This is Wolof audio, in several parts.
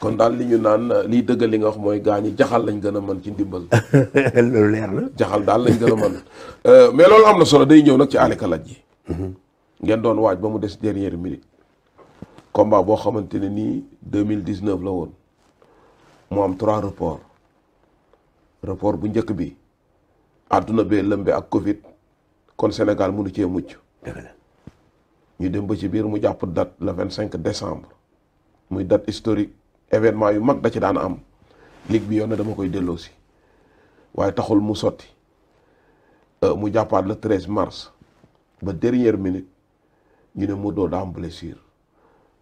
kon daal li ñu naan euh, liy dëggal li nga wax mooy gaa ñi jaxal lañ gën a mën ci ndimbal. loolu leer na. jaxal daal lañ gën a mën euh, mais loolu am na solo day ñëw nag ci àllkalaaj ji. Mhm. ngeen doon waaj ba mu des dernière minute. combat boo xamante ne nii deux mille dix neuf la woon mu am trois report report bu njëkk bi àdduna bee lëmbe ak Covid kon Sénégal mënu cee mucc. ñu dem ba ci biir mu jàpp date le vingt cinq décembre. muy date historique événement yu mag da ci daan am ligue bi yoon na dama koy delloosi waaye taxul mu sotti euh, mu jàppaat le 13 mars ba dernière minute ñu ne Modou doo daa am blessure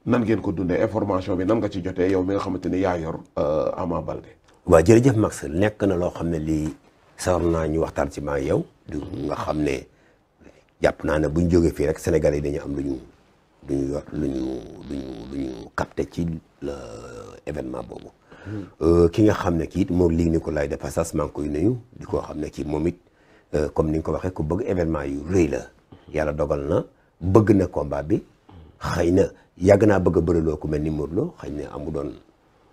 nan ngeen ko dundee information bi nan nga ci jotee yow mi nga xamante ni yaa yor euh, Ama Baldé. waaw jërëjëf Max nekk na loo xam ne lii sawar naa ñu waxtaan si maa yow. du nga xam ne jàpp naa ne buñ jógee fii rek Sénégal yi dañu am lu ñu duñu yor luñu luñu luñu capté ci événement boobu euh, ki nga xam ne kii it moom lii Nicolas de passage maa ngi koy nuyu di koo xam ne kii moom it euh, comme ni nga ko waxee ku bëgg événement yu rëy la yàlla dogal na bëgg na combat bi xëy na yàgg naa bëgg a bëriloo ku mel ni Modou Lo xëy na amu doon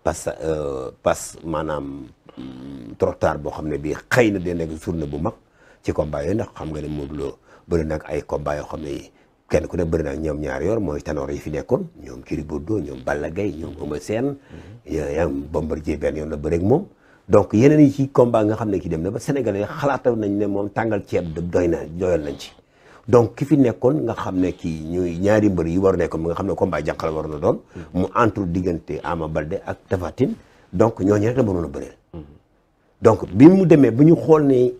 pas euh, pas maanaam mm, trop boo xam ne bii xëy na dina nekk journée bu mag ci combat yooyu ndax xam nga ne Modou Lo bëri nag ay combat yoo xam ne kenn ku ne bëri na ñoom ñaar yoon mooy tanoor yi fi nekkoon ñoom Gris Bordeaux ñoom Balla Gaye ñoom Eumeu Sène mhm. yam Bombardier benn yoon la moom donc yeneen yi ci combat nga xam ne ki dem na ba sénégalais xalaataw nañ ne moom tàngal ceeb de doy na doyal nañ ci donc ki fi nekkoon nga xam ne kii ñuy ñaari mbër yi war nekkoon nga xam ne combat jànqal war na doon mhm. mu entre diggante Ama Baldé ak Tapha Tine donc ñooñu rek la mënoon a bëreel mhm. donc bi mu demee bu ñu xool ne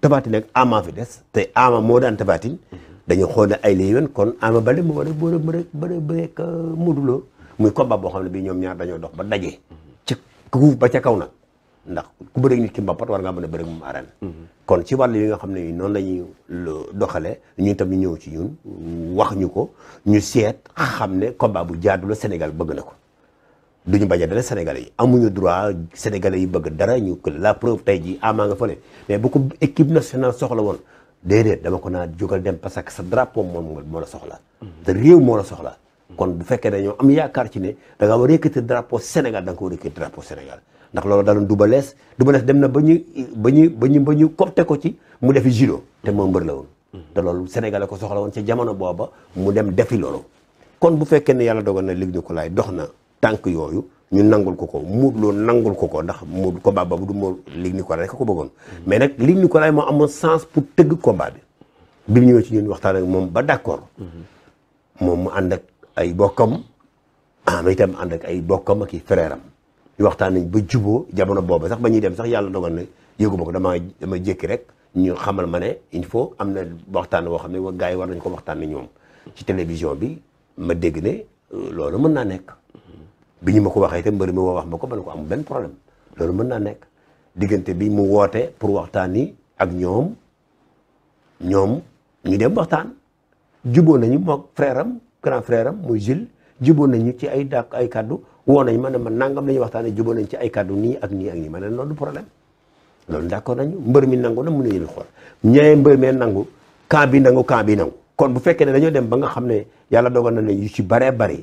Tapha Tine ak Ama fi des te Ama moo daan Tapha Tine dañu xool ay la yoon kon Ama Baldé mu war a bëre bëre bëre bëreek Modou muy combat boo xam ne bii ñoom ñaar dañoo dox ba daje. ci ku ba ca kaw nag ndax ku bëreeg nit ki mbappat war ngaa mën a bëreeg moom arène. kon ci wàll yi nga xam ne noonu la ñu doxalee ñun tam ñu ñëw ci ñun wax ñu ko ñu seet xam ne combat bu jaadu la Sénégal bëgg na ko. duñu bañ a dara Sénégalais yi amuñu droit Sénégalais yi bëgg dara ñu la preuve tey jii amaa nga fële mais bu ko équipe nationale soxla woon déedéet dama ko naa jógal dem parce que sa drapeau moom moo la soxla. te réew moo la soxla. kon bu fekkee dañoo am yaakaar ci ne da nga war a yëkkati drapeau Sénégal da nga ko war a yëkkati drapeau Sénégal ndax loolu daloon Double Less Double Less dem na ba ñu ba ñu ba ñu ba ñu copte ko ci mu defi judo te moo mbër la woon. te loolu Sénégal ko soxla woon ca jamono booba mu dem defi loolu. kon bu fekkee ne yàlla dogal na Luc laay dox na tànk yooyu. ñu nangul ko ko Modou Lo nangul ko ko ndax Modou ba boobu du moo Luc Nicolaï rek ko bëggoon mm-hmm. mais nag Luc Nicolaï moo amoon sens pour tëgg combat bi bi mu ci ñun waxtaan ak moom ba d'accord mm-hmm. moom mu ànd ak ay bokkam am ah, itam ànd ak ay bokkam ak i frère am ñu waxtaan nañ ba juboo jamono booba sax ba ñuy dem sax yàlla dogal na yëguma ko damaa dama jékki rek ñu xamal ma ne il faut am na waxtaan woo xam ne gars yi war nañ ko waxtaan ni ñoom ci télévision bi ma dégg ne euh, loolu mën naa nekk bi ñu ma ko waxee te mbër mi woo wax ma ko man ko am benn problème loolu mën naa nekk diggante bi mu woote pour waxtaan yi ak ñoom ñoom ñu dem waxtaan juboo nañu moog frère am grand frère am juboo nañu ci ay dàq ay kaddu woo nañ ma ne ma nangam la ñuy waxtaanee juboo nañ ci ay kaddu nii ak nii ak nii ma ne loolu problème loolu d'accord nañu mbër mi nangu na mun na xool ñaareel mbër mi nangu camp bi nangu camp bi nangu kon bu fekkee ne dañoo dem ba nga xam ne yàlla dogal na ne yu ci baree bari.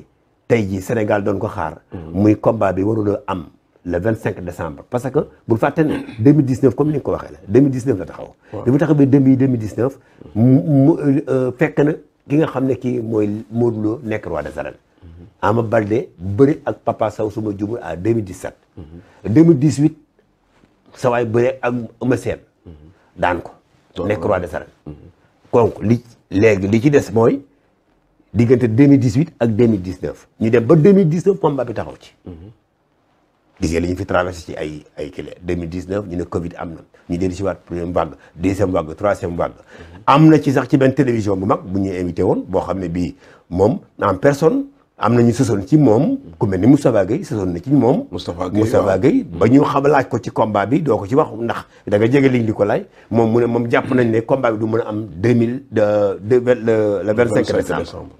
tey jii Sénégal doon ko xaar. Mhm. muy combat bi waruloo am le vingt cinq décembre. parce que bu fàtte ne deux mille dix neuf comme ni nga ko waxee la deux mille dix neuf la taxaw. waaw li euh, fekk na ki nga xam ne kii mooy Modou nekk roi des arènes. Mhm. Ama Baldé bëri ak Papa Sow suma jubul à deux mille dix sept. Mhm. deux mille dix huit sa bëri ak Eumeu Sène daan ko. nekk roi des arènes. donc li léegi li ci des mooy. diggante 2018 ak 2019 ñu dem ba 2019 combat bi taxaw ci. gis ngeen li ñu fi traversé ci ay ay kile 2019 ñu ne Covid am na ñu dellu si waat première vague deuxième vague troisième am na ci sax ci benn télévision bu mag bu ñu invité woon boo xam ne bii moom en personne am na ñu sosoon ci moom ku mel ni Moustapha Guèye sosoon na ci moom. Moustapha Guèye Moustapha Guèye ba ñu xam laaj ko ci combat bi doo ko ci wax ndax da nga jege liñ di ko laaj moom mu ne moom jàpp nañ ne combat bi du mën a am deux mille euh, le vingt cinq décembre.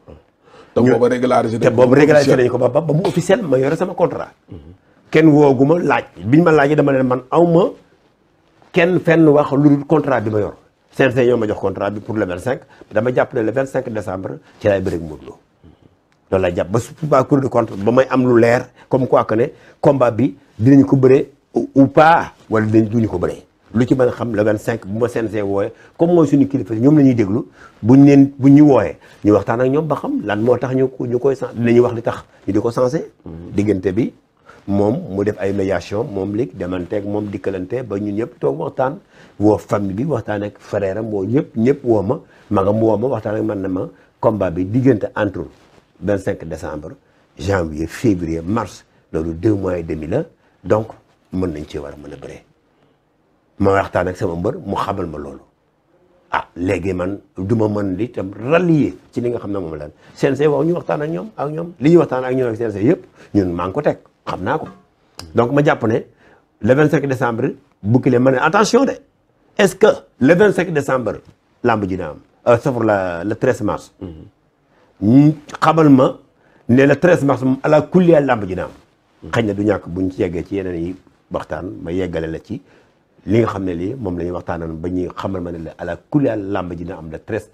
te boobu régularisé te boobu régularisé nañu ko ba ba mu officiel ma yore sama contrat kenn wooguma laaj biñ ma laajee dama leen man awma kenn fenn wax lu dul contrat bi ma yor CNG ñoo ma jox contrat bi pour le 25 dama jàpp ne le 25 décembre ci laay bëri ak Modou Lo loolu laay jàpp ba su ba cour de ba may am lu leer comme quoi que ne combat bi dinañ ko bëree ou pas wala dinañ duñu ko bëree lu ci mën a xam le cinq bu ma CNG wooyee comme mooy suñu kilifa ñoom la ñuy déglu buñ leen buñ ñu wooyee ñu waxtaan ak ñoom ba xam lan moo tax ñu ñu koy sens dinañu wax li tax ñu di ko sensé. Mm-hmm. diggante bi moom mu def ay médiation moom lig demanteeg moom dikkalante ba ñun ñëpp toog waxtaan woo famille bi waxtaan ak frère am woo ñëpp ñëpp woo ma magam woo ma waxtaan ak man na ma combat bi diggante entre 25 décembre janvier février mars loolu deux mois et demi la donc mën nañ ci war a mën a bëree. ma waxtaan ak sama mbër mu xabal ma loolu ah léegi man du ma mën li tam rallier ci li nga xam ne moom lan CNG waaw ñu waxtaan ak ñoom ak ñoom li ñuy waxtaan ak ñoom ak CNG yëpp ñun maa ngi ko teg xam naa ko donc ma jàpp ne le 25 décembre Boukile ma ne attention de est-ce que le 25 décembre lamb ji na am euh, safar la le 13 mars mm-hmm. xabal ma ne le 13 mars ala kulli lamb ji na am xëy na du ñàkk buñ ci yeggee ci yeneen yi waxtaan ma yeggale la ci li nga xam ne lii moom la ñuy waxtaanoon ba ñuy xamal ma ne la ala kulli àll làmb ji dina am le treize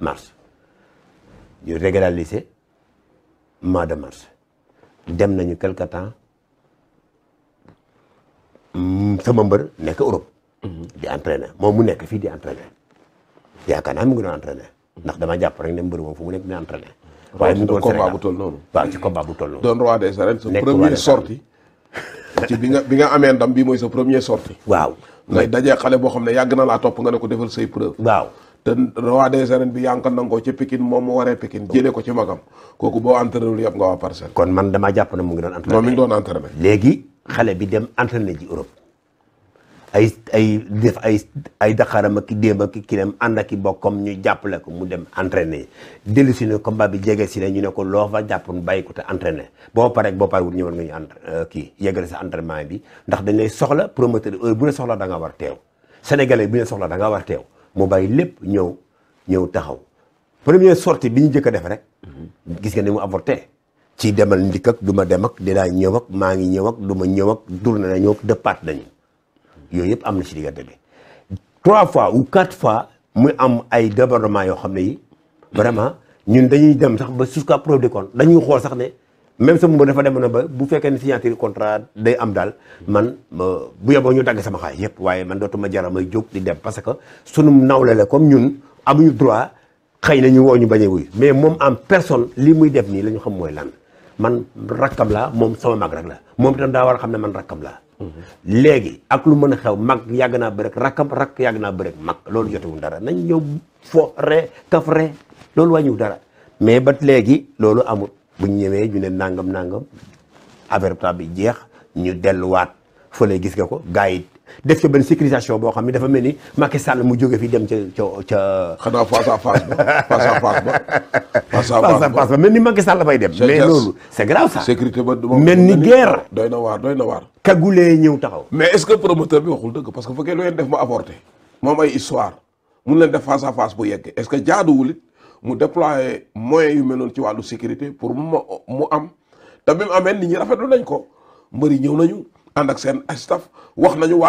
mars ñu régulariser mois de marche dem nañu quelque temps mm, sama mbër nekk Europe. Mhm. di entraîner moom mu nekk fii di entraîner yaakaar naa mu ngi doon entraîner. ndax dama jàpp ne mbër moom fu mu nekk di entraîner. waaye mu ngi doon Sénégal combat bu toll noonu. doon roi ci bi nga bi nga amee ndam bi mooy sa première sortie waaw ngay dajee xale boo xam ne yàgg na laa topp nga ne ko defal say preuve waaw te roi des arènes bi yànkan nanga ko ci Pikine moom mu waree Pikine jëlee ko ci magam kooku boo entraînewul yëpp nga waa parcelle kon man damaa jàpp ne mu ngi doon entraîné léegi xale bi dem entraîné ji Europe ay ay def ay ay daxaram ak démb ak kineem ànd ak i bokkam ñu jàppale ko mu dem entraîner dellu si ne combat bi jege si ne ñu ne ko loo fa jàppoon bàyyi ko te entraîner boo paree boo paree wut ñëwal nga ñu ent euh, kii yeggale sa entraînement bi ndax dañ lay soxla promoteur heure bu la soxla da war teew sénégalais bu la soxla da nga war mu bàyyi lépp ñëw ñëw taxaw première sorti bi ñu njëkk a def rek gis nga ni mu avorté ci demal ndikk ak du ma dem ak dinaa ñëw ak maa ngi ñëw ak du ma ñëw ak dur na ñëw ak dëppaat nañu yooyu yëpp am na ci diggante bi trois fois ou quatre fois muy am ay débordement yoo xam ne yi vraiment ñun dañuy dem sax ba jusqu'à preuve de compte dañuy xool sax ne même sama mbër dafa na ba bu fekkee ne signature contrat day am daal man bu yeboo ñu dagg sama xaalis yëpp waaye man dootuma jara may jóg di dem parce que sunu nawle la comme ñun amuñu droit xëy na ñu woo ñu bañ a wuyu mais moom en personne li muy def nii la ñu xam mooy lan. man rakkam laa moom sama mag rek la moom itam daa war a xam ne man rakkam laa. léegi ak lu mën a xew mag yàgg naa bëri rakkam rakk yàgg naa bëri mag loolu jotewul dara nañ ñëw fo re kaf re loolu wàññiwul dara mais bat léegi loolu amul bu ñu ñëwee ñu ne nangam nangam affaire bi jeex ñu delluwaat fële gis nga ko gars yi def ca benn sécurisation boo xam ne dafa mel ni Macky Sall mu jóge fi dem ca ca. xanaa face à face ba face à ba. face à ba mel ni Macky Sall fay dem. mais loolu c'est grave mel ni guerre. doy na waar doy na waar. kagulee ñëw taxaw. mais est-ce que promoteur bi waxul dëgg parce que fekkee lu leen def ma apporté. moom ay histoire mun leen def face à bu yegg est que jaaduwul it mu déployer moyens yu mel ci wàllu sécurité pour mu mu am te bi mu ñi